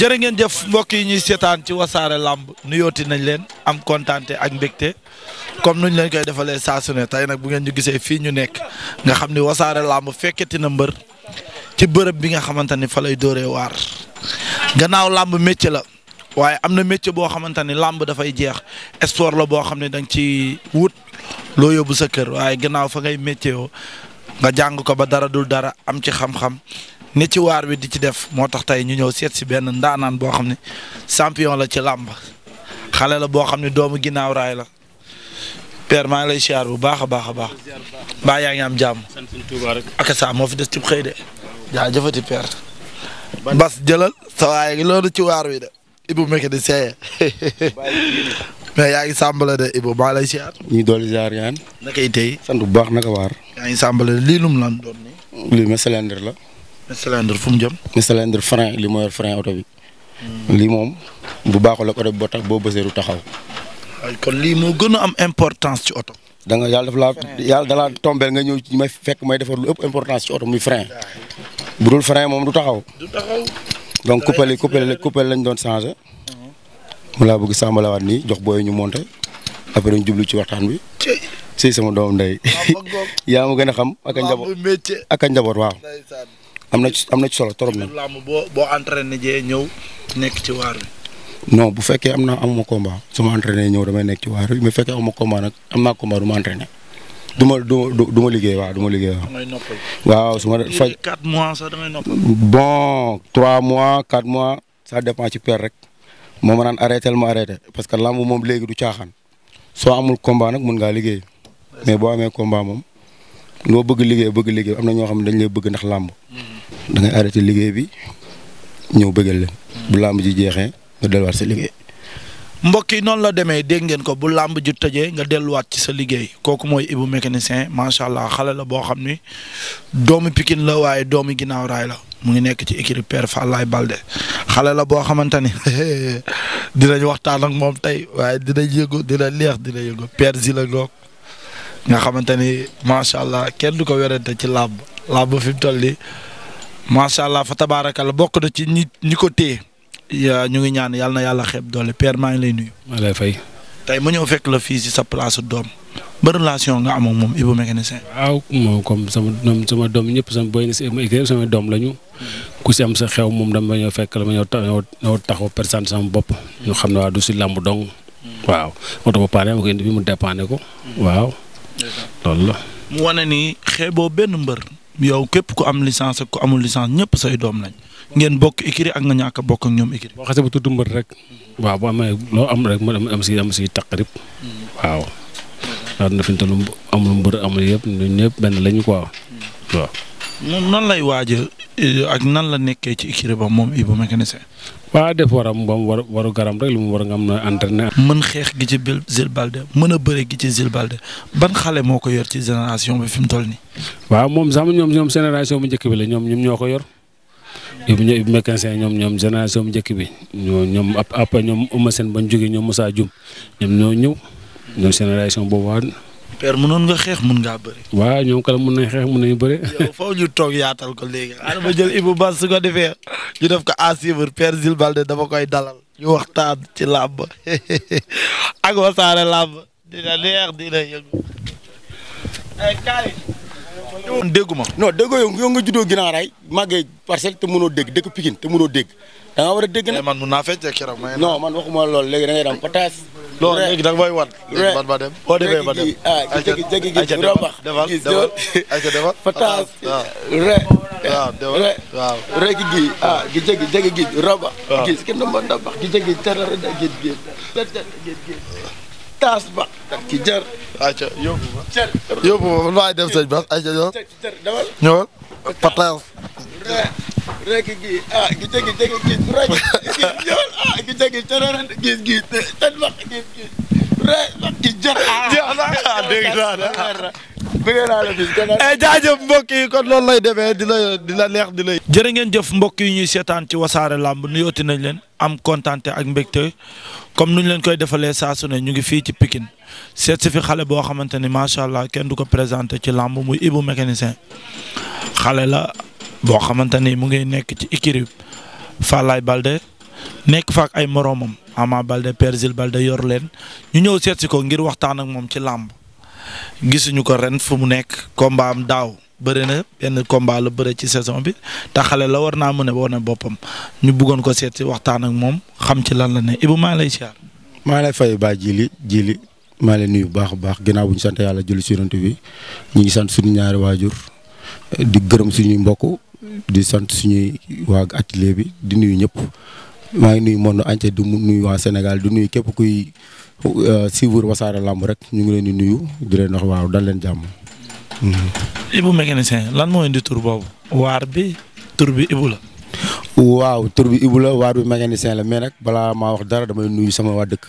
jërë ngeen jëf mbokk yi ñuy seetaan ci wasaare làmb nuyooti nañ leen am kontaante ak mbégte comme nuñ leen koy defalee saa su tey nag bu ngeen ñu gisee fii ñu nekk nga xam ni wasaare làmb fekketi na mbër ci bërëb bi nga xamante ni fa lay dóoree waar gannaaw làmb métier la waaye am na métier boo xamante ni làmb dafay jeex sport la boo xam ne da nga ci wut loo yóbbu sa kër waaye gannaaw fa ngay métier yoo nga jàng ko ba dara dul dara am ci xam-xam ni ci waar wi di ci def moo tax tey ñu ñëw seet si benn ndaanaan boo xam ne champion la ci làmb xale la boo xam ne doomu ginnaaw raay la père maa lay siyaar bu baax a baax a baax mbaa yaa ngi am jàmm ak saa moo fi des ci xëy de jaajëfati père bas jëlal sa waaye loolu ci waar wi de Ibou Meke di seeye mais yaa ngi sàmbale de Ibou maa lay siyaar ñuy dooli ziar yaan naka tey sant bu baax naka waar yaa ngi sàmbale lii lum lan doon nii lii ma cylindre la Mr Landor mu jëm. Mr Landor li ma yor oto bi. lii moom bu baaxul ak oto bi boo tax boo bësee du taxaw. kon lii moo gën a am importance ci oto. da nga yàlla daf yàlla da laa nga ñëw ci may fekk may defar lu ëpp importance oto muy frein. bu dul frein moom du taxaw. du taxaw. donc coupelle yi coupelle coupelle lañ doon changé. mu laa bëgg sàmbalawaat nii jox booy ñu monté après ñu jublu ci waxtaan bi. si sama doom ndey. yaa ma gën a xam ak a njaboot ak a njaboot waaw. am na ci am na ci solo trop. nag làmb boo boo entraîné jee ñëw nekk ci waar wi. non bu fekkee am na amuma combat su ma entraîné ñëw damay nekk ci waar wi bu fekkee amuma combat nag am naa combat du ma ma du du ma liggéey waaw du ma liggéey waaw. su ma. faj 4 mois sax bon 3 mois 4 mois ça dépend ci père rek moo ma naan arrêté ma parce que làmb moom léegi du caaxaan soo amul combat nag mën ngaa liggéey mais boo amee combat moom loo bëgg liggéey bëgg liggéey am na ñoo xam ne dañ lay bëgg ndax lamb hmm. da ngay liggéey bi ñëw bëggal leen. bu làmb ji jeexee nga delluwaat sa liggéey. mbokk yi noonu la demee dégg ngeen ko bu làmb ju tëjee nga delluwaat ci sa liggéey kooku mooy Ibou mécanicien macha allah xale la boo xam ni doomu Pikine la waaye doomu ginnaaw raay la mu ngi nekk ci écurie Père Fallaye Balde xale la boo xamante ni dinañ waxtaan ak moom tey waaye dina yëngu dina leex dina yëgo Père Zila Ngok nga xamante ni macha allah kenn du ko werante ci làmb làmb fi mu toll nii macha allah fa tabaarakalla bokk na ci ñi ko téye ñu ngi ñaan yàlla na yàlla xeeb doole père maa ngi lay nuyu. ma lay fay. tey ma ñëw fekk la fii si sa place doom ba relation nga am moom Ibou mécanicien. waaw moom comme sama doom sama doom ñëpp sama boy na si sama doom lañu. ku si am sa xew moom dama ñëw fekk la ma ñëw taxaw percent sama bopp. ñu xam ne waa du si làmb dong. waaw oto ba paane mu dépanné ko. Hmm. waaw. loolu la. mu wane ni xeeboo benn mbër. yow képp ku am licence ak ku amul licence ñëpp say doom lañ ngeen bokk écurie ak nga ñàkk a bokk ak ñoom écurie. boo xasee bu tudd mbër rek. waaw bu amee loo am rek mu am si am si taqrib waaw. daal na fi mu toll amul mbër amul yëpp ñun ñëpp benn lañ ko waaw. moom nan lay waaj eh, ak nan la nekkee ci écurie ba moom Ibou Mécanicien. waa def waram ba mu war waru garam rek lu mu war nga am na entraîné. mën xeex gi ci biir Zil mën a bëre gi ci Zil Balde ban xale moo ko yor ci génération bi fi mu toll nii. waaw moom sax ñoom ñoom génération bu njëkk bi la ñoom ñoom ñoo ko yor yëpp ñoom yëpp mécanicien ñoom ñoom génération njëkk bi ñoom après ñoom Eumeu Sène bañ jógee ñoom Moussa Dioum ñoom ñoo ñëw ñoom génération boobu père mënoon nga xeex mun ngaa bëri. waaw ñoom kala mën nañ xeex mën nañu bëri. yow foofu ñu toog yaatal ko léegi xaaral ma jël Ibou Bass su ko defee ñu def ko à suivre père Jules Baldé dama koy dalal ñu waxtaan ci làmb ak wasaare làmb dina neex dina yëngu. Eh, déggu ma. non déggoo yow nga juddoo ginnaaw raay màggee parcelle te mënoo dégg dëkk Pikine te mënoo dégg da war a dégg nag. Eh, man mun naa fecc keroog. non man waxuma loolu léegi da ngay non léegi da nga may wan. léegi man ma dem boo demee ma dem ah jéggi jéggi gi robax. defal defal ayca defal fataas re waaw defal waaw rek gi ah gi jéggi jéggi gi robax. waaw gis kenn mën na bax gi jéggi terara da géej géej da géej géej taas ba da ci jar. ayca yóbbu ma yóbbu ma man maay dem sëñ Bass ayca ñëwal ñëwal. Pataas. Eh, rek gi ah gi jéggi jéggi gis rek yoon ah kon. jaajëf lay demee di la di la neex di la. jërë ngeen jëf mbokk yi ñuy seetaan ci wasaare làmb nuyooti nañ leen am kontaante ak mbégte comme nuñ leen koy defalee saa su ñu ngi fii ci pikin seet si fi xale boo xamante ni macha allah kenn du ko présenté ci làmb muy Ibou mécanicien. xale la boo xamante ni mu ngi nekk ci écurie Falaye Balde nekk faa ak ay moroomam Ama Balde Persil Balde yor leen ñu ñëw seet ko ngir waxtaan ak moom ci làmb gisuñu ko ren fu mu nekk combat daaw bëri na benn combat lu bëre ci saison bi te xale la war naa mën a wane boppam ñu bëggoon ko seet waxtaan ak moom xam ci lan la ne Ibou lay siyaar. maa lay fay baa jili jili maa lay nuyu bu baax a baax ginnaaw bu ñu sant yàlla julli si yonent bi ñu ngi sant suñu ñaari waajur di gërëm suñuy mbokk di sant suñuy waa atelier bi di nuyu ñëpp maa ngi nuyu monde entier di nuyu waa Sénégal di nuyu képp kuy euh, suivre Wassare Lamb rek ñu ngi leen di nuyu di leen wax waaw dal leen jàmm. Hmm. Ibou mécanicien lan moo indi tur boobu. waar bi tur bi Ibou la. waaw tur bi Ibou waar bi mécanicien la mais nag balaa maa wax dara damay nuyu sama waa dëkk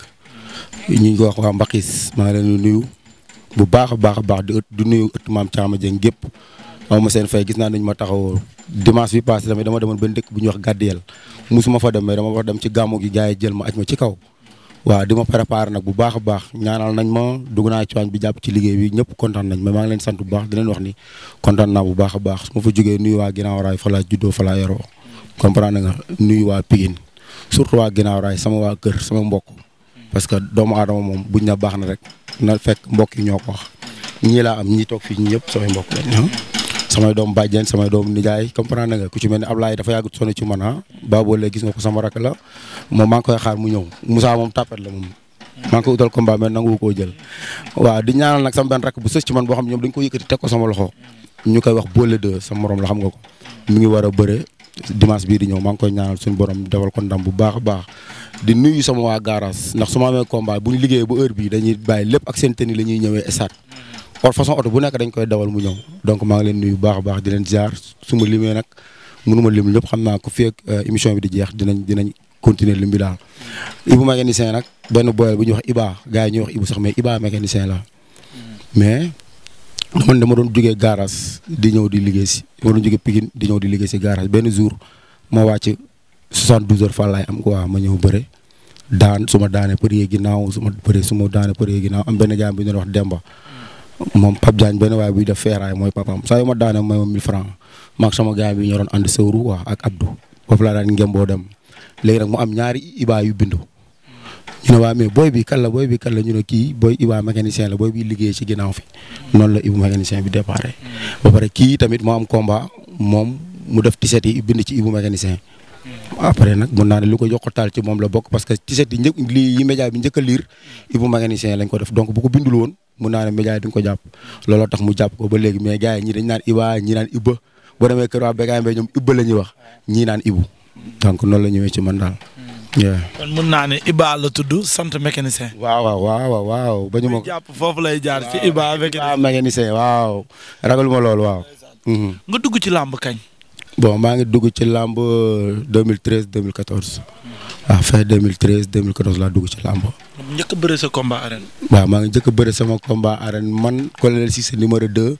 ñu ngi ko wax waa Mbakis maa ngi leen di nuyu bu baax a baax a baax di ëtt di nuyu ëtt maam Thiam Dieng gépp aw ma seen fay gis naa nañ ma taxawoo dimanche bi passé tamit dama demoon benn dëkk bu ñuy wax gàddiyel musuma fa dem mais dama dem ci gàmmu gi gars yi jël ma aj ma ci kaw waaw di ma préparé nag bu baax a baax ñaanal nañ ma dugg naa ci waañ bi jàpp ci liggéey bi ñëpp kontaan nañ mais maa ngi leen sant bu baax di leen wax ni kontaan naa bu baax a baax su ma fa jógee nuyu waa ginnaaw raay fa laa juddoo fa laa yaroo comprendre nga nuyu waa Pikine surtout waa ginnaaw raay sama waa kër sama mbokk parce que doomu aadama moom buñ na baax na rek na fekk mbokk yi ñoo ko wax ñii laa am ñii toog fii ñëpp samay mbokk samay doom bàjjen samay doom nijaay comprendre nga ku ci mel ne Ablaye dafa yàgg sonn ci ah. gis nga ko sama rakk la moom maa ngi koy xaar mu ñëw Moussa moom tapet la moom maa ngi ko utal combat mais nangu koo jël waa di ñaanal nag sama benn rakk bu sës ci man boo xam ñoom dañ ko yëkkati teg ko sama loxo ñu koy wax boole de sama morom xam nga ko mi ngi war a bëre dimanche bii di ñëw maa ngi koy ñaanal suñu borom defal ko ndam bu baax a baax di nuyu sama waa garage ndax su ma amee combat bu ñu liggéeyee ba heure bii dañuy bàyyi lépp ak seen tenue la ñuy ñëwee stade or façon oto bu nekk dañ koy dawal mu ñëw donc maa ngi leen nuyu baax a baax di leen ziar su ma limee nag mënu ma lim lépp xam naa ko feeg euh, émission bi di jeex dinañ dinañ continuer lim bi daal. Ibu mécanicien nag benn boyal bu ñu wax Iba gars yi ñu wax ib sax mais Iba mécanicien la mais man ma doon jugee garage di ñëw di liggéey si dama doon jugee Pikine di ñëw di liggéey si garage benn jour ma wàcc 72 heures fan laay am ko quoi ma ñëw bëre daan su ma daanee përee ginnaaw su ma përee su ma daanee përee ginnaaw am benn jaam bu ñu doon wax Demba. moom Pape Diagne benn waaye buy def feeraay mooy papaam saa yu ma daane mooy ma 1000 francs maag sama gars bi ñoroon ànd sëwru waa ak Abdou foofu laa daan ngemboo dem léegi nag mu am ñaari ibaa yu bindu ñu ne waa mais booy bi kan la booy bi kan la ñu kii booy ibaa mécanicien la booy bi liggéey ci ginnaaw fi noonu la ibu mécanicien bi déparé ba pare kii tamit moo am combat moom mu def tiset yi bind ci ibu mécanicien après nag mun naa lu ko yokk taal ci moom la bokk parce que ci set yi njëkk bi njëkk a liir Ibou mécanicien lañ ko def donc bu ko bindul woon mun naa ne média yi duñ ko jàpp looloo tax mu jàpp ko ba léegi mais gars ñi naan Iba la ñuy wax ñii naan Ibou donc noonu la ñëwee man daal hmm. mun naa ne Iba sant mécanicien. waaw waaw waaw waaw ma. jàpp foofu lay jaar ci waaw ragaluma loolu waaw. nga dugg ci làmb kañ. bon maa ngi dugg ci làmb 2013 2014 waaw fin 2013 2014 laa dugg ci làmb. njëkk a bëre sa combat arène. waaw maa ngi njëkk a bëre sama combat arène man colonel Cissé numéro 2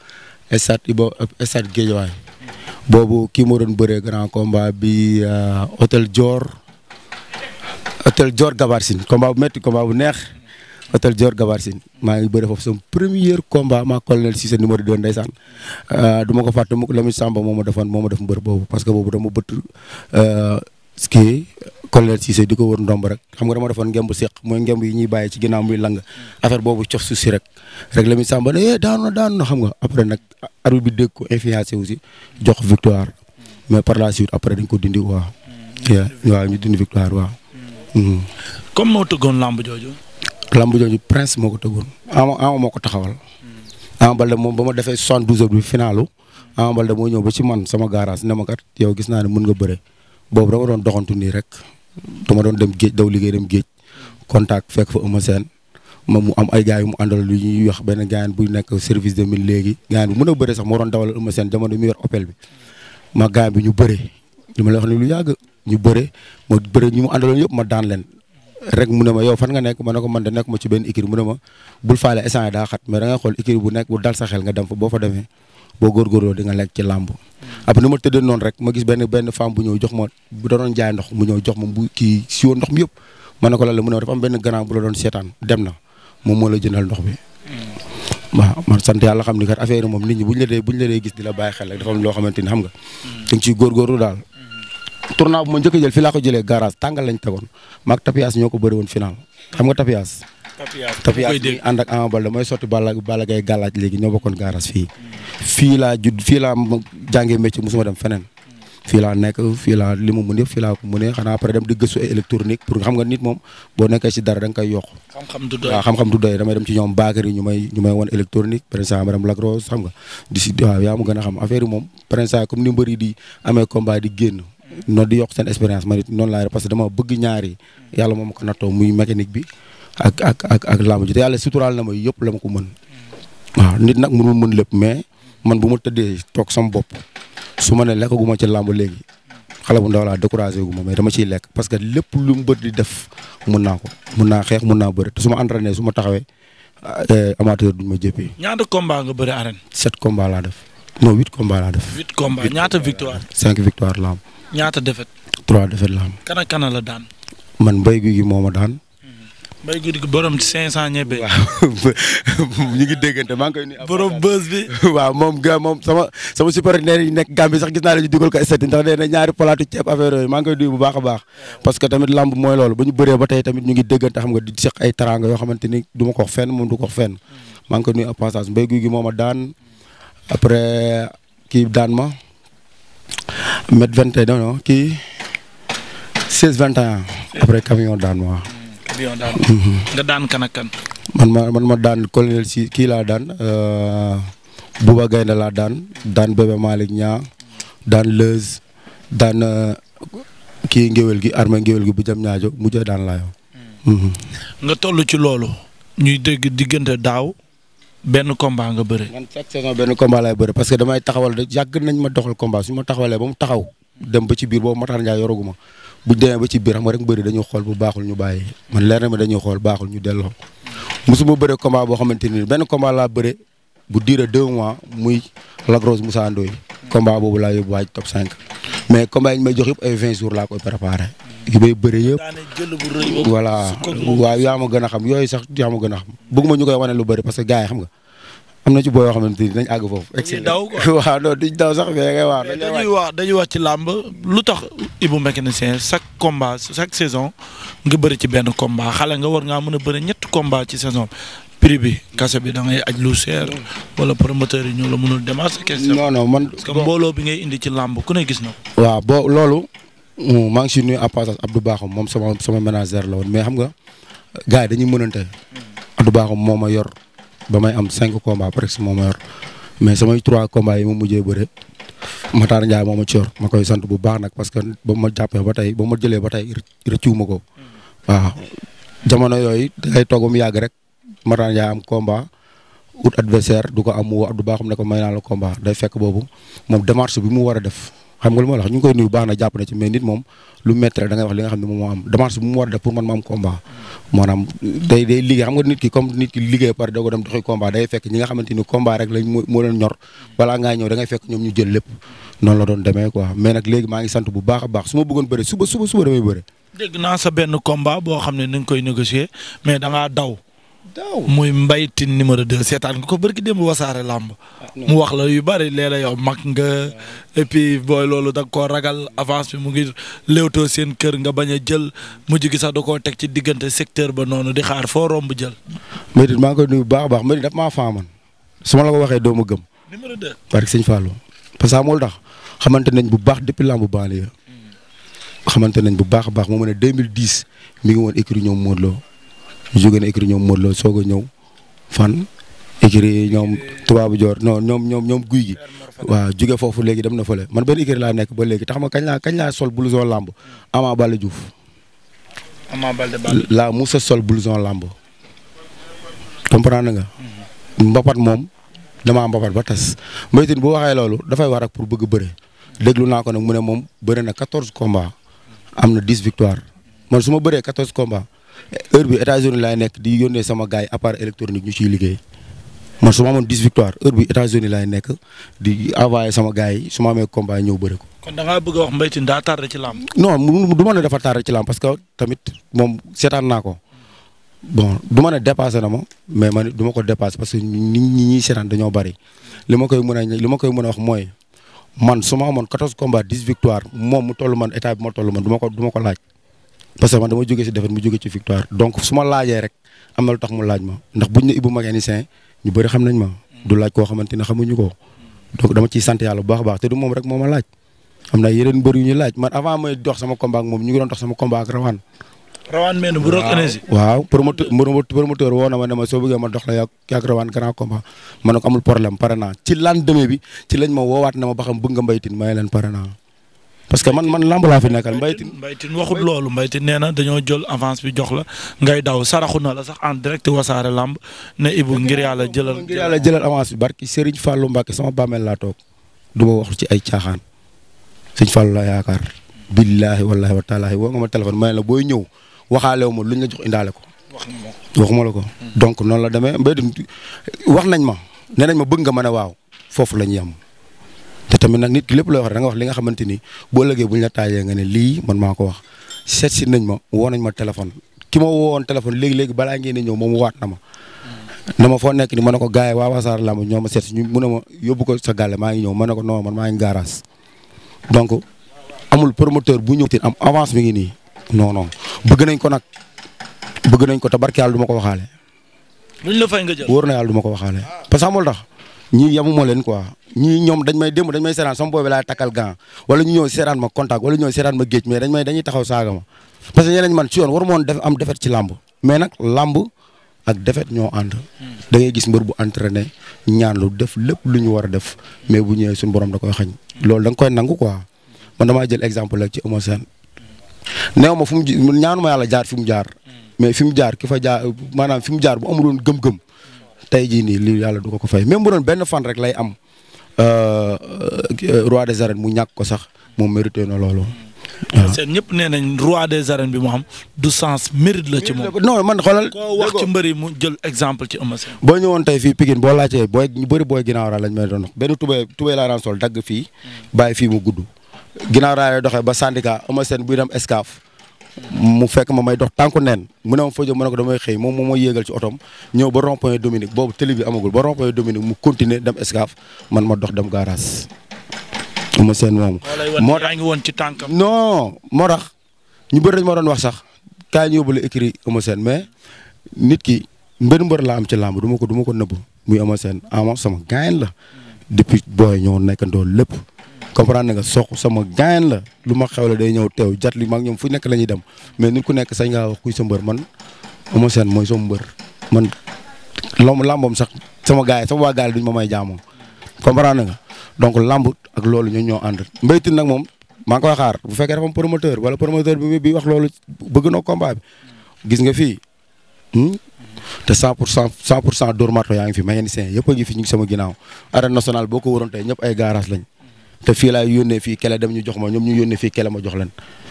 stade Iba stade Guédiawaye boobu kii moo doon bëree grand komba bi euh, hôtel Dior hôtel Dior Gabarsine combat bu métti combat bu neex. hôtel Dior Gabarsine maa ngi bëri foofu sama premier combat maa colonel Cissé numéro 2 ndeysaan euh, du ma ko fàtte mukk Lamine Samba moo ma defoon moo ma def mbër boobu parce que boobu dama bëtt euh, ski colonel Cissé di ko wër ndomb rek xam nga dama defoon ngemb seq mooy ngemb yi ñuy bàyyi ci ginnaaw muy lang affaire boobu cof suuf rek rek Samba ne eh, daanu xam nga après nag arbitre bi dégg ko influencé aussi jox victoire mais par la suite après dañ ko dindi waaw mm. waaw ñu dindi mm. Mm. lamb jooju prince moo ko tëggoon ama ama moo ko taxawal. Hmm. Ama Baldé moom ba ma defee soixante-douze heures bi finalu Ama Baldé moo ñëw ba ci man sama garage ne ma kat yow gis naa ne mën nga bëre boobu dama doon doxantu nii rek dama doon dem géej daw liggéey dem géej contact fekk fa Eumeu Sène bu nekk service de mine léegi gaayan bu mën a bëre sax moo doon dawal Eumeu Sène jamono mi yor Opel bi ma gaayan bi ñu bëre li ma lay wax ni lu yàgg ñu bëre ma daan leen rek mu ne ma yow fan nga nekk ma ne ko man de nekk ma ci benn écurie mu ne ma bul faale instant yi daa xat mais da ngay xool écurie bu nekk bu dal sa xel nga dem fa boo fa demee boo góorgóorloo di nga lekk ci làmb hmm. après ni ma tëddee noonu rek ma gis benn benn femme bu ñëw jox ma bu doon jaay ndox mu ñëw jox ma bu kii siwoon ndox mi yëpp ma ne ko lan la mu ne am benn grand bu la doon seetaan dem na moom moo la jëndal ndox mi hmm. waaw man sant yàlla xam ni kat affaire moom nit ñi buñ la dee gis di la bàyyi xel rek dafa loo xamante ni xam nga hmm. dañ ciy góorgóorlu daal tournoi bu ma njëkk a jël fii laa ko jëlee garage tàngal lañ tegoon maag Tapias ñoo ko bëri woon final xam nga Tapias. Tapias Tapias ànd ak Ama Baldé mooy sotti Balla Balla Gaye léegi laa judd fii laa jàngee métier musuma dem feneen. fii laa nekk fii laa li nga nit moom boo nekkee si dara da nga koy yokk. xam-xam du doy waaw xam-xam du doy damay ñoom baakari ñu may ñu may wan électronique dem lagros xam nga di si waaw yaa ma a xam affaire moom prince comme ni mbëri di amee combat di génn noonu di yokk seen expérience man it noonu laa parce que dama bëgg ñaari yàlla moom ko nattoo muy mécanique bi ak ak ak ak làmb ji te yàlla suturaal na ma yëpp la ma ko mën waaw nit nag mënul mën lépp mais man bu ma tëddee toog sama bopp su ma ne lekk gu ma ci làmb léegi xale bu ndaw laa découragé gu ma dama ciy lekk parce que lépp lu mu bët di def mun naa ko mun naa xeex mun naa bëri te su ma entraîné su ma taxawee ah, eh, amateur duñ ma jëppee. ñaata combat nga bëri arène. sept combat laa ñaata victoire. cinq victoire ñaata defet. trois defet la am. kana la daan. man mbay gi moom a daan. Hmm. mbay gi borom 500 ñebe. waaw ñu ngi déggante maa ngi koy nuyu. moom ga moom sama sama supérieur yi nekk Gambie sax gis naa la ñu dugal ko estati na ñaari palaatu ceeb maa ngi koy nuyu bu baax a baax. parce que tamit lamb mooy loolu ba ñu bëree ba tey tamit ñu ngi déggante xam nga di seq ay taraanga yoo xamante ni du ma ko ko wax fenn. Hmm. maa ngi koy nuyu a passage mbay gi moo ma daan après kii daan ma. mètre vingt et un non kii seize vingt et après camion daan waaw. Mhm. nga daan kan man ma man ma daan colonel si kii laa daan euh, Bouba Gaynde laa daan daan Bébé Malick Niang daan Leuz daan euh, kii ngéwél gi armée ngéwél gi bu jam ñaajo mujjee daan laa mm. mhm. nga toll ci loolu. ñuy dégg diggante daaw. benn combat nga bëre. man benn combat laay bëre parce que damay taxawal de yàgg nañ ma doxal combat su ma taxawalee ba mu taxaw dem ba ci biir boobu Matar Ndiaye yoraguma bu demee ba ci biir xam nga bëri dañuy xool bu baaxul ñu bàyyi man leer na ma dañuy xool baaxul ñu delloo. mosuma bëre combat boo xamante ni benn combat laa bëre bu diire deux mois muy Lagrosse Moussa Ndoye combat boobu laa yóbbu waaj top cinq mais combat ñu may jox yëpp ay 20 jours laa ko préparé. ki bay bëre yëpp. voilà waaw yaa ma gën a xam yooyu sax yaa ma gën a xam bëgguma ñu koy wane lu bari parce gaa yi xam nga am na ci boo yoo xamante ni dinañ àgg foofu. dañuy daw quoi waaw non duñ daw sax mais ngay wax. dañuy wax dañuy wax ci saison nga bëri ci benn combat xale nga war ngaa mën a bëri ñetti combat ci saison prix bi kase bi da ngay lu seer wala promoteur yi ñoo la mënul démarrer. non non man parce mbooloo bi ngay indi ci lamb ku ne gis na ko. boo loolu maa ngi si nuyu en passage Abdou Bakhoum moom sama sama ménagère la woon mais xam nga gars yi dañuy mënante. Abdou Bakhoum moo ma yor ba may am cinq combats presque ma yor mais samay trois combats yi ma mujjee bëre bu baax nag parce que ba ma jàppee ba tey ba ma ba tey rëccuwuma ko. waaw jamono yooyu dangay toogum yàgg rek Matar Ndiaye am combat. ut adversaire du ko am woo Abdou Bakhoum ne ko may naa la combat day fekk boobu moom démarche bi mu war def xam nga lu ma wax ñu ngi koy na jàpp na ci mais nit moom lu métti rek da ngay wax li nga xam ne moom am démarche bu mu war a def pour man ma am combat day ki comme nit ki liggéey par dogo dem doxi combat day fekk ñi nga xamante ni combat rek lañ moo leen ñoom ñu jël lépp noonu la doon demee quoi mais nag léegi maa ngi sant bu baax a baax su ma bëggoon bëre suba suba suba damay boo xam ne ni nga koy mais da daw daaw muy Mbaye Tine numéro 2 seetaan nga ko barki démb wasaare làmb ah, mu wax la yu bëri léeg-léeg yow mag nga et puis booy loolu da koo ragal avance bi mu ngi léewtoo seen kër nga bañ a jël mujj gi sax da koo teg ci diggante secteur ba noonu di xaar foo romb jël. Mbaye Tine maa ngi koy nuyu bu baax a baax Mbaye Tine daf maa faa man su la ko waxee doo ma gëm. numéro 2 parce que sëñ Fallou parce que amul tax xamante nañ bu baax depuis làmb banlieue hmm. xamante nañ bu baax a baax moo mën a 2010 mi ngi woon écurie ñoom Modou Lo jóge na écrit ñoom Modou Lo soog a ñëw fan écrit ñoom tubaabu joor non ñoom ñoom ñoom guy gi waaw jóge foofu léegi dem na fa fële man benn écrit laa nekk ba léegi tax ma kañ laa kañ laa sol blouson làmb Ama Baldé Diouf Ama sol blouson làmb comprendre nga mhm. mbapat moom damaa mbapat ba tas mbaytin bu waxee loolu dafay war ak pour bëgg bëre déglu naa ko nag mu ne moom bëre na quatorze combats am na dix victoire man su ma bëree quatorze combats heure bi États-Unis laay nekk di yónnee sama gars yi appareil électronique ñu ciy liggéey man su ma amoon dix victoire heure bi États-Unis laay nekk di envoyé sama gars yi su ma amee combat ñëw bëre ko. kon da bëgg a wax Mbaye Tine daa tardé ci làmb. non du ma ne que tamit moom seetaan naa ko bon du ma ne dépassé na ma mais man du ko dépassé parce que nit ñi ñuy seetaan dañoo bari li ma koy mën a li ma koy mën a wax mooy man su ma amoon quatorze combats dix victoire moom mu toll man état bi ma toll man du ma ko du ko laaj. parce que man dama jógee si défaite mu jógee ci victoire donc su ma laajee rek am na lu tax mu laaj ma ndax buñ ne Ibou mécanicien ñu bëri xam nañ ma du laaj koo xamante ne xamuñu ko donc dama ciy sant yàlla bu baax a baax te du moom rek moo a laaj am na yeneen mbër ñu laaj man avant may dox sama combat moom ñu ngi doon dox sama combat ak rawaan. rawaan meen bu rock énergie. waaw promoteur promoteur woo pare naa ci lan demee bi ci lañ ma woowaat na ma ba xam bëgg nga mbaytin may leen pare naa parce que man man lamb laa fi nekkal mbaytin mbaytin waxut loolu mbaytin nee na dañoo jël avance bi jox la ngay daw saraxu na la sax en direct wasaare lamb ne Ibou ngir yàlla jëlal ngir yàlla jëlal avance bi barki Serigne Fallou Mbacke sama bàmmeel laa toog du ma wax ci ay caaxaan Serigne Fallou laa yaakaar billaahi wallaahi wa taalaahi woo nga ma téléphone may la booy ñëw waxaalewu ma luñ la jox indaale ko waxuma la ko donc noonu la demee mbaytin wax nañ ma nee nañ ma bëgg nga mën a waaw foofu la ñu yem te tamit nag nit lépp loo wax da nga wax li nga xamante ni boo lëggee bu ñu la taajee nga ne lii man maa ko wax seet si nañ ma woo nañ ma téléphone ki ma woowoon téléphone léegi léegi balaa ngeen di ñëw moom waat na ma. na ma foo nekk ni ma ne ko gars yi waa Wassare Lamb ñoo ma seet si ñu mun a ma yóbbu ko sa gàlle maa ngi ñëw ma ne ko non man maa ngi garage donc amul promoteur bu ñëw am avance mi ngi nii non non bëgg nañ ko nag bëgg nañ ko tabarki yàlla du ma ko waxaale. luñ la nga jël wóor na yàlla ma ko waxaale parce que amul tax ñii yamuma leen quoi ñii ñoom dañ may démb dañ may seeraan sama boobu laay takkal gant wala ñu ñëw seeraan ma contact wala ñu ñëw seeraan ma géej mais dañ may dañuy taxaw saaga yoon waru moon am defet ci làmb mais nag làmb ak defet ñoo ànd. Hmm. da ngay gis mbër bu entraîné ñaan lu def lépp lu ñu war a def mais bu ñëwee suñu borom da koy xañ. loolu danga nga koy nangu quoi man damaa jël exemple rek ci Eumeu Sène neew ma fu mu ñaanu ma yàlla jaar fi mu jaar. Hmm. mais fi mu jaar ki fa jaar maanaam fi mu jaar bu amuloon gëm-gëm tey jii nii lii yàlla du ko ko fay même bu doon benn fan rek lay am euh, euh, roi des arènes mu ñàkk ko sax moom mérité na loolu. waaw ñëpp nee nañ roi des arènes bi mu xam du sens mérite la ci moom. non man xoolal koo wax ci mbëri mu jël exemple ci Eumeu Sène. boo ñëwoon tey fi Pikine boo laajtee booy ñu bëri booy ginnaaw raay lañ may doon benn tubéy laa daan sol dagg fii bàyyi fii mu gudd ginnaaw raay doxee ba syndicat Eumeu Sène buy dem escaf. mu fekk ma may dox tànku neen mu ne ma foo jëm ma ne ko damay xëy moom moom mooy yéegal ci otom ñëw ba rond-point boobu télé bi amagul ba rond-point Dominique mu continuer dem Escaf man ma dox dem garage ma seen moomu. moo tax yaa ngi woon ci tànkam. non moo tax ñu bëri dañ doon wax sax kaay ñu yóbbu écrit ma seen mais nit ki mbër mbër laa am ci làmb duma ko duma ma ko nëbb muy ama seen ama sama gaañ la depuis booy ñoo nekkandoo lépp. comprendre nga soq sama gaayen la lu ma xew la day ñëw teew jat li maag ñoom fu nekk la ñuy dem mais nit ku nekk sañ ngaa wax kuy sa mbër man Eumeu seen mooy sama mbër man lom lambam sax sama gaay sama waa gaay duñ ma may jaamoo comprendre nga donc lamb ak loolu ñoo ñoo mbey mbaytin nag moom maa ngi koy xaar bu fekkee dafa am promoteur wala promoteur bi bi wax loolu bëgg na combat bi gis nga fii hmm? te 100 pour cent 100 pour cent Dóor Marto yaa ngi fi mécanicien yëpp a ngi fi ñu sama ginnaaw arène nationale boo ko waroon tey ñëpp ay garage lañ te fii laay yónnee fii kele dem ñu jox ma ñoom ñu yónnee fii kele ma jox leen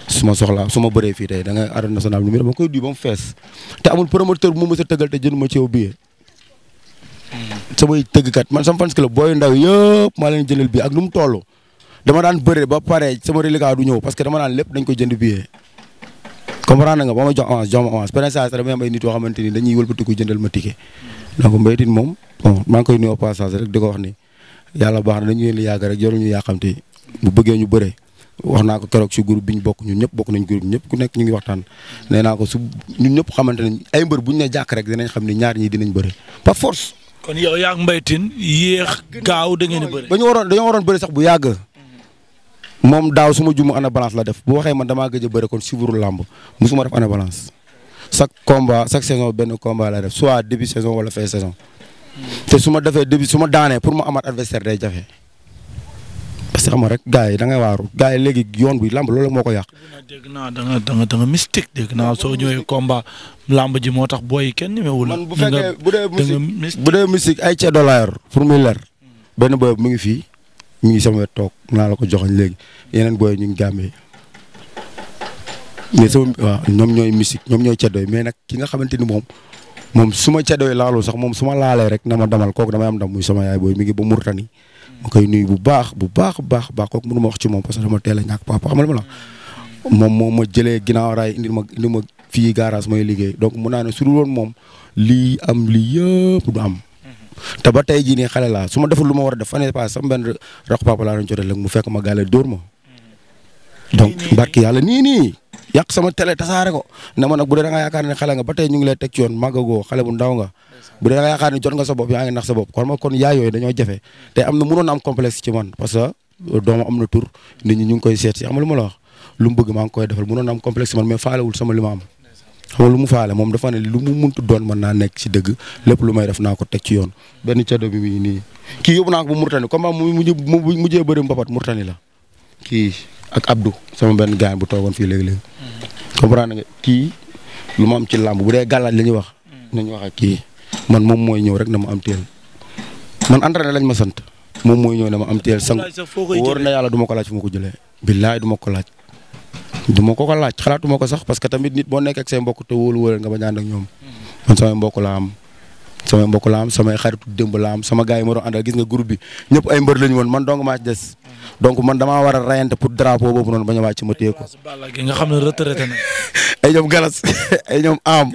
su ma soxlaa su ma bëree fii tey da nga arène nationale bi mu dama koy duy ba mu fees te amul promoteur a tëggal te jënd ma ci yow billet samay tëggkat man sama fans booy ndaw yëpp maa leen jëndal billet ak nu mu toll dama daan bëre ba pare sama reliquat du ñëw parce que dama daan lépp dañ ko jënd billet comprendre nga ba ma jox jox ma avance beneen saa nit yoo xamante ni dañuy wëlbatiku jëndal ma ticket donc moom bon maa ngi koy nuyoo passage rek di ko wax ni yàlla baax na dañu leen di yàgg rek jarul ñu yàqamti bu bëggee ñu bëre wax naa ko keroog si groupe bi ñu bokk ñu ñëpp bokk nañ groupe ñëpp ku nekk ñu ngi waxtaan nee naa ko su ñun ñëpp xamante ne mbër bu ñu ne jàkk rek dinañ xam ne ñaar ñii dinañ bëre par force. kon yow yaa ngi Mbaye Tine yéex gaaw da ngeen di bëre. ba ñu waroon dañoo waroon bëre sax bu yàgg. moom daaw su ma juum ana balance la def bu waxee man damaa gëj a bëre kon suivre làmb musuma def ana balance chaque combat chaque saison benn combat la def soit début saison wala fin saison te su ma defee début su ma daanee pour mu amaat adversaire day jafe parce que xam rek gars yi da ngay waaru gars yi léegi yoon bi lamb loolu moo ko yàq. dégg naa da da nga da nga mystique dégg naa soo ñëwee combat lamb ji moo tax booy kenn ñemewul. man bu fekkee bu dee mystique bu dee ay ceddo laa yor pour muy leer. benn booy mi ngi fii mi ngi sama wet toog naa la ko joxoñ léegi yeneen booy ñu ngi gàmmee. mais sama ñoom ñooy mystique ñoom ñooy ceddo mais nag ki nga xamante ni moom moom su ma cadooy laalu sax moom su ma laalee rek na ma damal kooku damay am ndam muy sama yaay booy mi ngi ba Murtani ma koy nuyu bu baax bu baax baax baax kooku mënu ma wax ci moom parce que dama teel a ñàkk papa ma moo ma jëlee ginnaaw indi ma indi ma fii garage mooy liggéey donc mun naa ne su dul moom lii am lii yëpp du ba tey jii nii xale laa su ma deful lu ma war a def fan pas sama benn rakk papa laa doon jotee rek mu fekk ma gàlle door ma donc barki yàlla nii nii yàq sama tele tasaare ko ne ma nag bu dee da yaakaar ne xale nga ba tey ñu ngi lay teg ci yoon màggagoo xale bu ndaw nga bu dee da nga yaakaar ne jot nga sa bopp yaa ngi nax sa bopp kon ma kon yaay yooyu dañoo jafe te que dooma na tur nit ñi ñu ngi koy seet si ma la wax lu mu bëgg maa ngi koy defal mënoon na am complexe man mais faalewul sama li ma am xam nga lu mu faale moom dafa nekk si dëgg lépp lu may def naa ko teg ci yoon benn caddo bi mi nii kii yóbbu naa ko bu Murtani comme mu mujjee bëri mbapat Murtani la kii ak Abdou sama benn gars bu toogoon fii léegi-léegi. comprendre nga kii lu ma am ci làmb bu dee gàllaaj la ñuy wax. nañu wax a kii man moom mooy ñëw rek na ma am teel man entraîné lañ ma sant moom mooy ñëw ne ma am teel sang wóor na yàlla du ma ko laaj fu ma ko jëlee. billaay du ma ko laaj. du ma ko ko laaj xalaatuma ko sax parce que tamit nit boo nekk ak say mbokk te wóolu wóolu nga ba ñaan ñoom hmm. man samay mbokk laa am. samay mbokk la am samay xaritu démb la am sama gars yi ma doon àndal gis nga groupe bi ñëpp ay mbër lañu woon man dong maa ci des donc man damaa war a rayante pour drapeau boobu noonu ba ñu wàcc ay ñoom galas ah,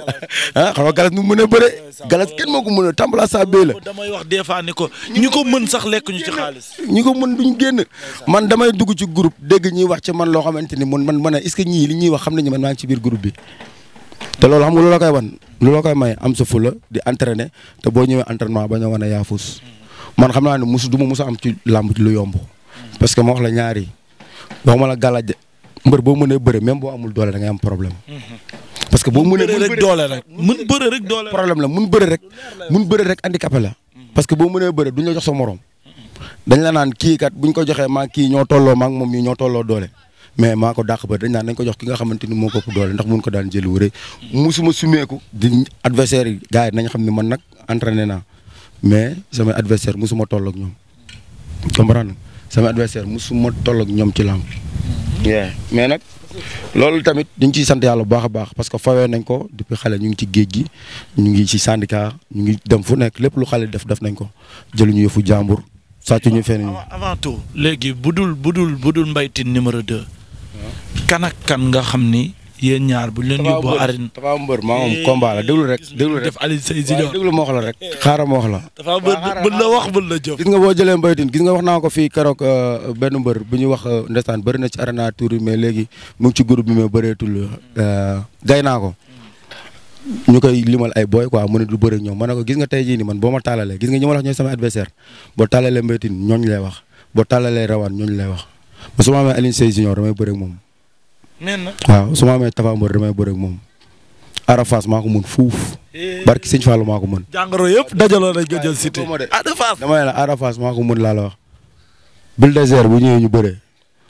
xam nga mën a bëre galas kenn ko mën a tàmbala saa la. damay wax des fois ni ko ko mën sax lekk ñu ci xaalis. ñi ko mën duñ génn man damay dugg ci groupe dégg ñuy wax ci man loo xamante ni man man man li ñuy wax xam nañu man maa ngi ci biir groupe bi te loolu xam nga loolu la koy wan lu la koy may am sa fula di entraîner te boo ñëwee entraînement ba ñu wane yaa fuus man xam naa ne musu du ma mus a am ci làmb lu yomb. parce que ma wax la ñaari waxuma la gàllaaj mbër boo mënee bëre même boo doole da am problème. parce que boo mënee bëre rek doole rek mun bëre rek mun bëre parce que boo mënee bëre duñ la jox sa morom. dañ la naan kii kat buñ ko joxee maa kii ñoo tolloo maa ngi moom ñii ñoo tolloo doole. mais maa ko dàq ba dañ naan nañ ko jox ki nga xamante ni moo ko ëpp doole ndax mun ko daan jëli wu rëy musuma sumeeku di adversaire yi gars yi nañ xam ne man nag entraîné naa mais samay adversaire musuma toll ak ñoom comprendre sama adversaire musuma toll ak ñoom ci làmb mais nag loolu tamit ñu ngi ciy sant yàlla bu baax a baax parce que fawee nañ ko depuis xale ñu ngi ci géej gi ñu ngi ci syndicat ñu ngi dem fu nekk lépp lu xale def def nañ ko jëluñu yëfu jàmbur sàcc ñu fenn. avant tout léegi budul budul budul Mbaye Tine numéro 2. kan ak kan nga xam ni yéen ñaar bu leen yóbboo arène. Tapha Mbeur maa moom combat la déglu rek. déglu rek def Alioune ma wax la rek. xaaral ma wax la. Tapha Mbeur mën la wax mën la jëf. gis nga boo jëlee Mbaye gis nga wax naa ko fii keroog euh, benn mbër bu ñu wax euh, ndesaan bëri na ci arena tour yi mais léegi mu ngi ci groupe bi mais bëreetul euh, gay naa ko. ñu koy limal ay booy quoi mu ne du bëri ñoom ma ko gis nga tey jii ni man boo ma tàllalee gis nga ñi ma la wax ñooy sama adversaire boo tàllalee Mbaye Tine ñooñu lay wax boo tàllalee rawaan ñooñu lay wax su ma amee Alioune Seye Junior damay bëre ak moom. nee na waaw su ma amee Tapha Mbeur damay bëre ak moom. Arafaas maa ko mën fuuf. Eh. barki sëñ Fallou maa ko mën. jàngoro yëpp dajaloo nañ ko jël cité. Arafaas dama ne la Arafaas maa ko mën laa la wax. Bulldozer bu ñëwee ñu bëree.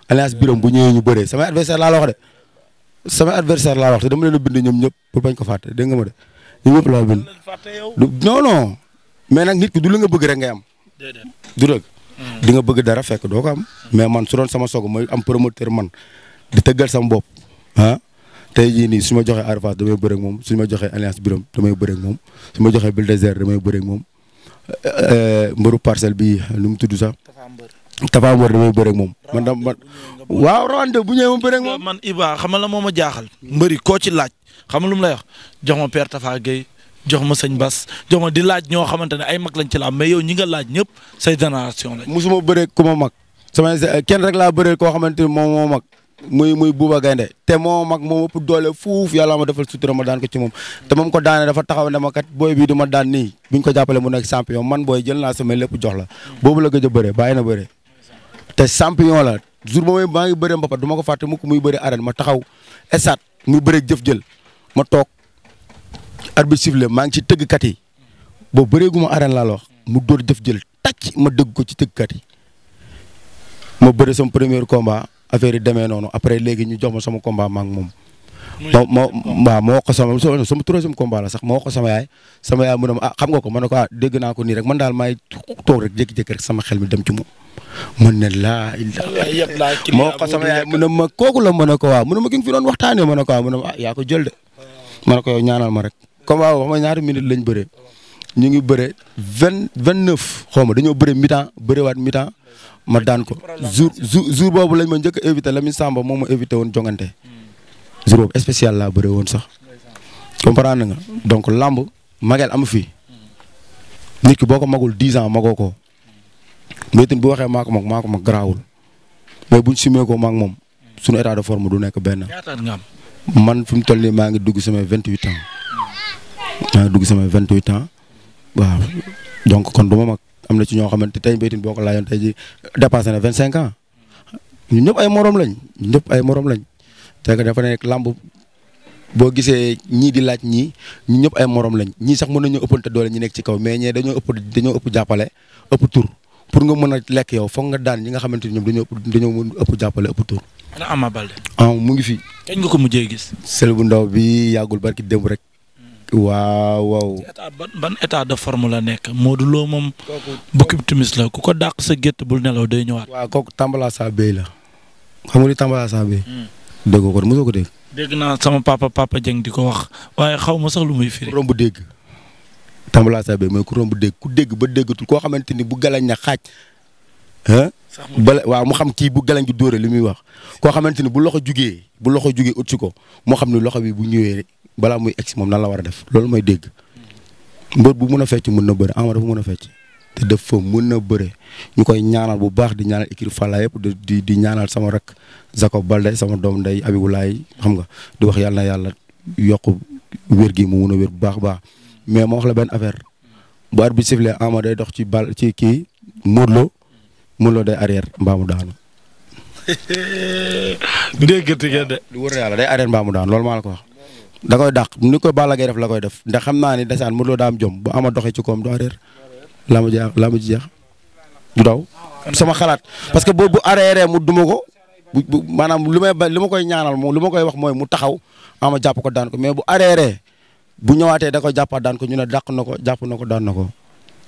Alliance Birame bu ñëwee ñu bëree sama adversaire laa la de. sama adversaire laa la wax te dama leen a bind ñoom ñëpp pour bañ ko fàtte dégg nga ma de ñoom ñëpp laa bind. mais nag nit ki du la nga bëgg rek ngay am. di nga bëgg dara fekk doo ko am. mais man su doon sama soog mooy am promoteur man di tëggal sama bopp ah tey jii nii su ma joxee Arafat damay bëre moom su ma joxee Alliance Biram damay bëre ak moom su ma joxee Bulldozer damay bëre ak moom eh, eh, mbëru parcelle bi nu mu tudd sax. Tapha Mbeur damay bëre ak moom. man dama man waaw rawante bu ñëwee ma bëre ak moom. man Iba xamal la moo ma jaaxal. mbëri koo ci laaj xamal lu mu lay wax jox ma père Tapha Gueye jox ma sëñ Bas jox ma di laaj ñoo xamante ne ay mag lañ ci laam mais yow ñi nga laaj ñëpp say génération la. musuma bëree ku ma mag sama kenn rek laa bëree koo xamante ni moom moo mag moom ma defal sutura dafa taxaw ne ma kat booy bii du daan nii buñ ko jàppale mu nekk champion man booy jël naa sama lépp jox la boobu la gëj a bëree na bëree te champion la jour moom maa ngi bëree mbapat du ko fàtte mukk muy bëri arène ma taxaw esat muy bëri jëf jël ma arbitre sifflé maa ngi ci tëggkat yi boobu bëreeguma arène laa la wax mu dóor def jël tàcc ma dëgg ko ci tëggkat yi ma bëri sama premier combat affaire yi demee noonu après léegi ñu jox ma sama combat ma moom. ma ma waaw ma wax ko sama sama troisième la sax ma wax ko sama yaay sama yaay mu ne ma ah xam nga ko ma ne ko ah dégg naa ko nii rek man daal maay toog rek jékki-jékki rek sama xel mi dem ci moom. mën na laa ma wax sama yaay mu ne ma kooku la ma ne ko waa mu ne ma ki nga fi doon waxtaanee ma ne ko waaw ah, mu ne ma ah yaa ko jël ma rek. combat wax ma ñaari minute lañ bëre ñu ngi bëre vingt vingt neuf xaw ma dañoo bëre mi-temps bërewaat mi ma daan ko jour jour jour boobu lañ ma njëkk a la Lamine Samba moom ma éviter woon jongante jour boobu spécial la bëre woon sax comprendre na donc lamb magel amu fi nit ki boo ko magul dix ans magoo ko mbaytin bu waxee maa ko mag maa ko mag garaawul mais buñ ko maag moom suñu état de forme du nekk benn. man fu mu tol nii maa ngi dugg sama vingt huit ans. maa dugg dugg vingt 28 ans waaw donc kon du ma mag am na ci ñoo xamante tey Mbaye Tine boo ko laajoon tey jii dépassé na 25 ans ñun ñëpp ay morom lañ ñëpp ay moroom lañ te dafa nekk làmb boo gisee ñii di laaj ñii ñun ñëpp ay morom lañ ñii sax mën nañoo ëppante doole ñu nekk ci kaw mais ñee dañoo ëpp dañoo ëpp jàppale ëpp tur pour nga mën a lekk yow foog nga daan ñi nga xamante ni ñoom dañoo dañoo ëpp jàppale ëpp tur. ana Ama Balde. ah mu ngi fi. kañ nga ko mujjee gis. sel bu ndaw bi yàggul barki démb rek. waaw waaw. état ban ban état de forme la nekk Modou Lo moom. kooku bukki timis la ku ko dàq sa gétt bul nelaw day ñëwaat. waaw kooku Tambala sa béy la. xam nga li Tambala sa béy. Hmm. déggoo ko mosoo ko dégg. dégg naa sama papa papa Dieng di ko wax waaye xaw ma sax lu muy firi. romb dégg Tambala sa béy ku romb dégg ku dégg ba déggatul koo xamante bu galañ na xaaj. bala waaw mu xam kii bu galañ gi dóore li muy wax koo xamante ni bu loxo jugee bu loxo jugee ut si ko moo xam ne loxo bi bu ñëwee balaa muy egg si moom nan la war a def loolu mooy dégg mbër bu mun a fecc mun na bëre Ama dafa mën a fecc te dafa mën a bëre ñu koy ñaanal bu baax di ñaanal équipe Falla yëpp di di ñaanal sama rak Jacob Balde sama doom nday Abibulaay xam nga di wax yàlla yàlla yokk wér gi mu mun a bu baax baax mais ma wax la benn affaire bu arbitre bi sifflé Ama day dox ci bal ci kii Modou Lo Modou Lo day arrière mbaa mu daanu. déggante ngeen lu wër yàlla day arrière mbaa mu daanu loolu maa la ko wax. da koy dàq ni ko Balla Gaye def la koy def ndax xam naa ni desaan Modou Lo daa am jom bu ama doxee ci koom du arrière. laa ma jeex laa ma jeex du sama xalaat parce que boo bu arrière mu duma ko. maanaam lu may ba lu ma koy ñaanal moom lu ma koy wax mooy mu taxaw ama jàpp ko daan ko mais bu arrière bu ñëwaatee da koy jàppaat daan ko ñu ne dàq na ko jàpp na ko daan na ko.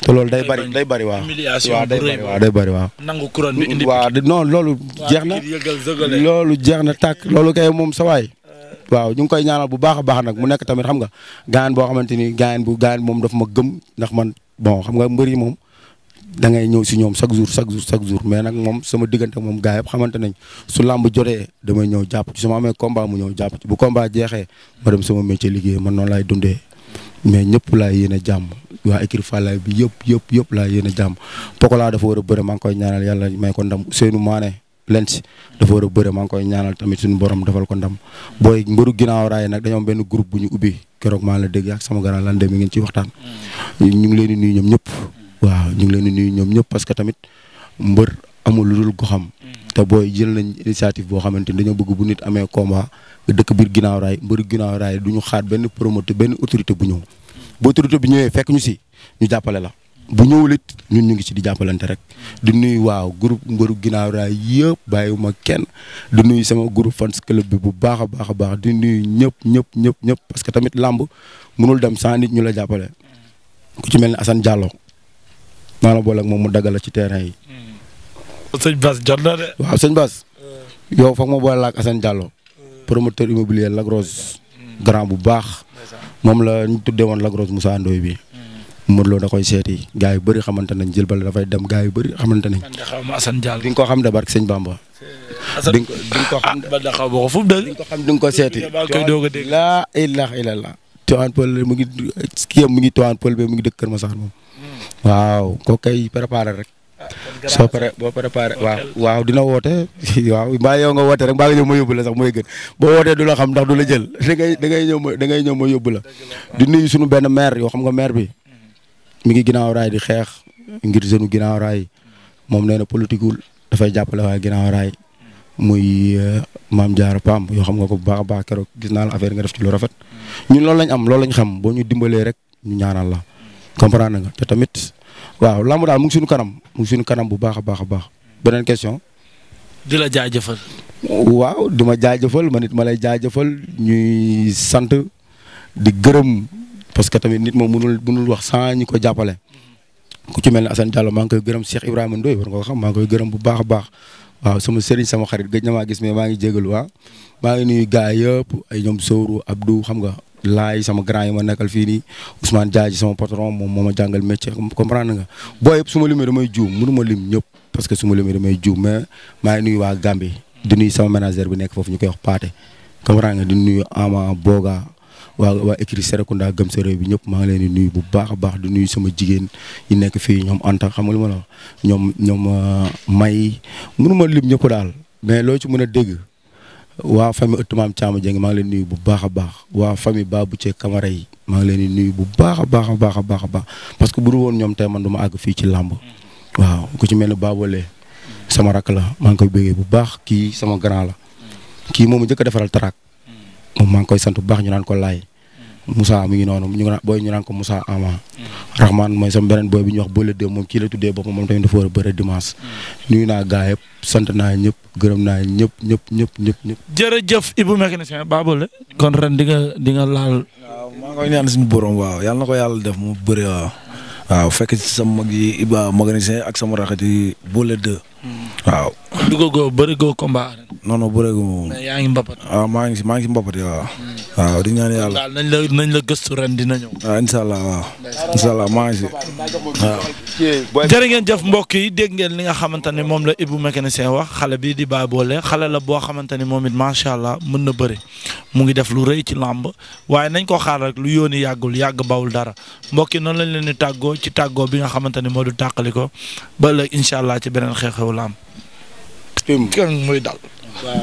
te loolu day bari day bari waaw. humiliation day bari waaw day bari waaw. nangu couronne bi indi waaw non loolu. jeex na loolu jeex na tàkk loolu kay moom sawaay euh. waaw ñu ngi koy ñaanal bu baax a baax nag mu nekk tamit xam nga gaañ boo xamante ni gaañ bu gaañ moom daf ma gëm ndax man xam nga mbër yi moom da ngay ñëw si ñoom chaque jour chaque jour chaque jour mais nag sama diggante moom gaa yëpp xamante nañ su làmb jotee damay ñëw jàpp ci su ma amee combat mu ñëw jàpp ci bu combat jeexee ma dem sama métier liggéey man noonu laay dundee mais ñëpp laay yéene jàmm waa écurie Falaye bi yëpp yëpp yëpp laa yéen a jàmm dafa war a bëre maa ngi koy ñaanal yàlla may ko ndam Seynou Mané Lens dafa war a bëre maa koy ñaanal tamit suñu borom defal ko ndam booy mbëru ginnaaw raay nag dañoo benn groupe bu ñu ubbi keroog maa la dégg sama grand lan mi ngeen ci waxtaan. ñu ngi leen di ñoom ñëpp. waaw ñu ngi leen di ñoom ñëpp parce que tamit mbër amul lu dul goxam. te booy jël nañ initiative boo xamante ni dañoo bëgg bu nit amee combat dëkk biir ginnaaw raay mbëru ginnaaw raay du ñu xaar benn promoteur benn autorité bu ñëw boo autorité bi ñëwee fekk ñu si ñu jàppale la bu ñëwul it ñun ñu ngi ci di jàppalante rek di nuy waaw groupe mbëru ginnaaw raay yëpp ma kenn di nuy sama groupe fans club bi bu baax a baax a baax di nuyu ñëpp ñëpp ñëpp ñëpp parce que tamit làmb mënul dem sans ñu la jàppale ku ci mel ne Assane Diallo maa la boole ak moom mu daggal ci terrain yi. Mm. sëñ Bas jot na de. waaw sëñ Bas. yow foog ma boole la ak Assane mm. promoteur immobilier Lac mm. grand bu baax. moom la ñu tuddee woon Lac Rose Moussa Ndoye bi. Hmm. Modou Lo da koy seeti gars yu bëri xamante nañ jël bala dafay dem gars yu bëri xamante nañ. di nga ko xam de barke sëñ Bamba. di nga ko xam de di nga ko ah, xam de di nga ko xam di nga ko seeti. laa ilaaha illallaah. Tivaouane Peulh mu ngi kii mu ngi Tivaouane Peulh mu ngi dëkk Kër Massar moom. Hmm. waaw kooku kay préparé rek. so pare boo préparé waaw waaw dina woote waaw mbaa yow nga woote rek mbaa nga ñëw ma yóbbu la sax mooy gën boo wootee du la xam ndax du la jël da ngay da ngay ñëw ma da ngay ñëw yóbbu la di nuyu suñu benn maire yoo xam nga maire bi mm-hmm. mi ngi ginnaaw raay di xeex mm-hmm. ngir jeune ginnaaw raay mm-hmm. moom nee na politiqueul dafay jàppale waa ginnaaw raay muy eh, maam jaar Pam yoo xam nga ko bu baax baax keroog gis naa la affaire nga def ci lu rafet ñun loolu lañ am loolu lañ xam boo ñu dimbalee rek ñu ñaanal la comprendre nga tamit waaw làmb daal mu ngi suñu kanam mu ngi kanam bu baax a baax a baax beneen question. di la jaajëfal. waaw di ma jaajëfal ma it ma lay jaajëfal ñuy sant di gërëm parce que tamit nit moom mënul mënul wax sans ñi ko jàppale. ku ci mel ne Assane Diallo maa ngi koy gërëm Cheikh Ibrahima Ndoye war nga ko xam maa ngi koy gërëm bu baax a baax waaw sama sëriñ sama xarit gëj na gis mais maa ngi jégalu waa ah. maa ngi nuyu gars yëpp ay ñoom Sowru Abdou xam nga laay sama grand yi ma nekkal fii nii Ousmane Diadji sama patron moom moo ma jàngal métier comprendre nga booy yëpp su ma limee damay juum mënu ma lim ñëpp parce que su ma limee damay juum mais maa ngi waa Gambie di sama manager bi nekk foofu ñu koy wax Paate comprendre nga di nuyu Ama Boga waa waa écrit Serekunda gëm sa réew bi ñëpp maa ngi leen di nuyu bu baax baax di nuyu sama jigéen yi nekk fii ñoom Anta xam nga lu ma la wax ñoom ñoom euh, may mënu ma lim daal mais loo ci mën a dégg waa famille ëtt maam Thiam Dieng maa leen nuyu bu baax a baax waa famille Babou Thiel Camara yi maa ngi leen di nuyu bu baax a baax a baax a baax a parce que bu dul woon ñoom tey man du ma àgg fii ci làmb waaw ku ci mel ne Baboole sama rak la maa ngi koy bëggee bu baax kii sama grand la kii moom njëkk a defaral tarak moom maa ngi koy sant bu baax ñu naan ko laay Moussa mi ngi noonu ñu naan booy ñu naan ko Moussa Ama. Rahman mooy sama beneen booy bi ñuy wax Boy le deux moom kii la tuddee boppam moom tamit dafa war a bëre nuyu naa gaa yëpp sant naa ñëpp gërëm naa ñëpp ñëpp ñëpp ñëpp ñëpp. jërëjëf Ibou mécanicien Babolé kon ren di nga di nga laal. waaw maa ngi koy ñaan suñu borom waaw yàlla na ko yàlla def mu bëri waaw. fekk ci sama mag yi Iba mécanicien ak sama raxat yi Boy le waaw. duggagoo bëreegoo combat arène. non non bëreegu moom. mais yaa ngi mbapat. waaw ah, maa ngi si maa ngi si mbapat waaw. Hmm. waaw di ñaan yàlla. daal nañ la la gëstu ren dina ñëw. waaw ah, incha allah waaw. incha allah maa ngi ngeen jëf mbokk yi dégg ngeen li nga xamante ne moom la Ibou mécanicien wax xale bii di Baye Bolé xale la boo xamante ne moom it macha allah mën na bëri mu ngi def lu rëy ci làmb waaye nañ ko xaar lu yooni yàggul yàgg bawul dara mbokk noonu lañ leen di tàggoo ci tàggoo bi nga xamante ne moo du tàqali ko làmb. kenn mooy dal.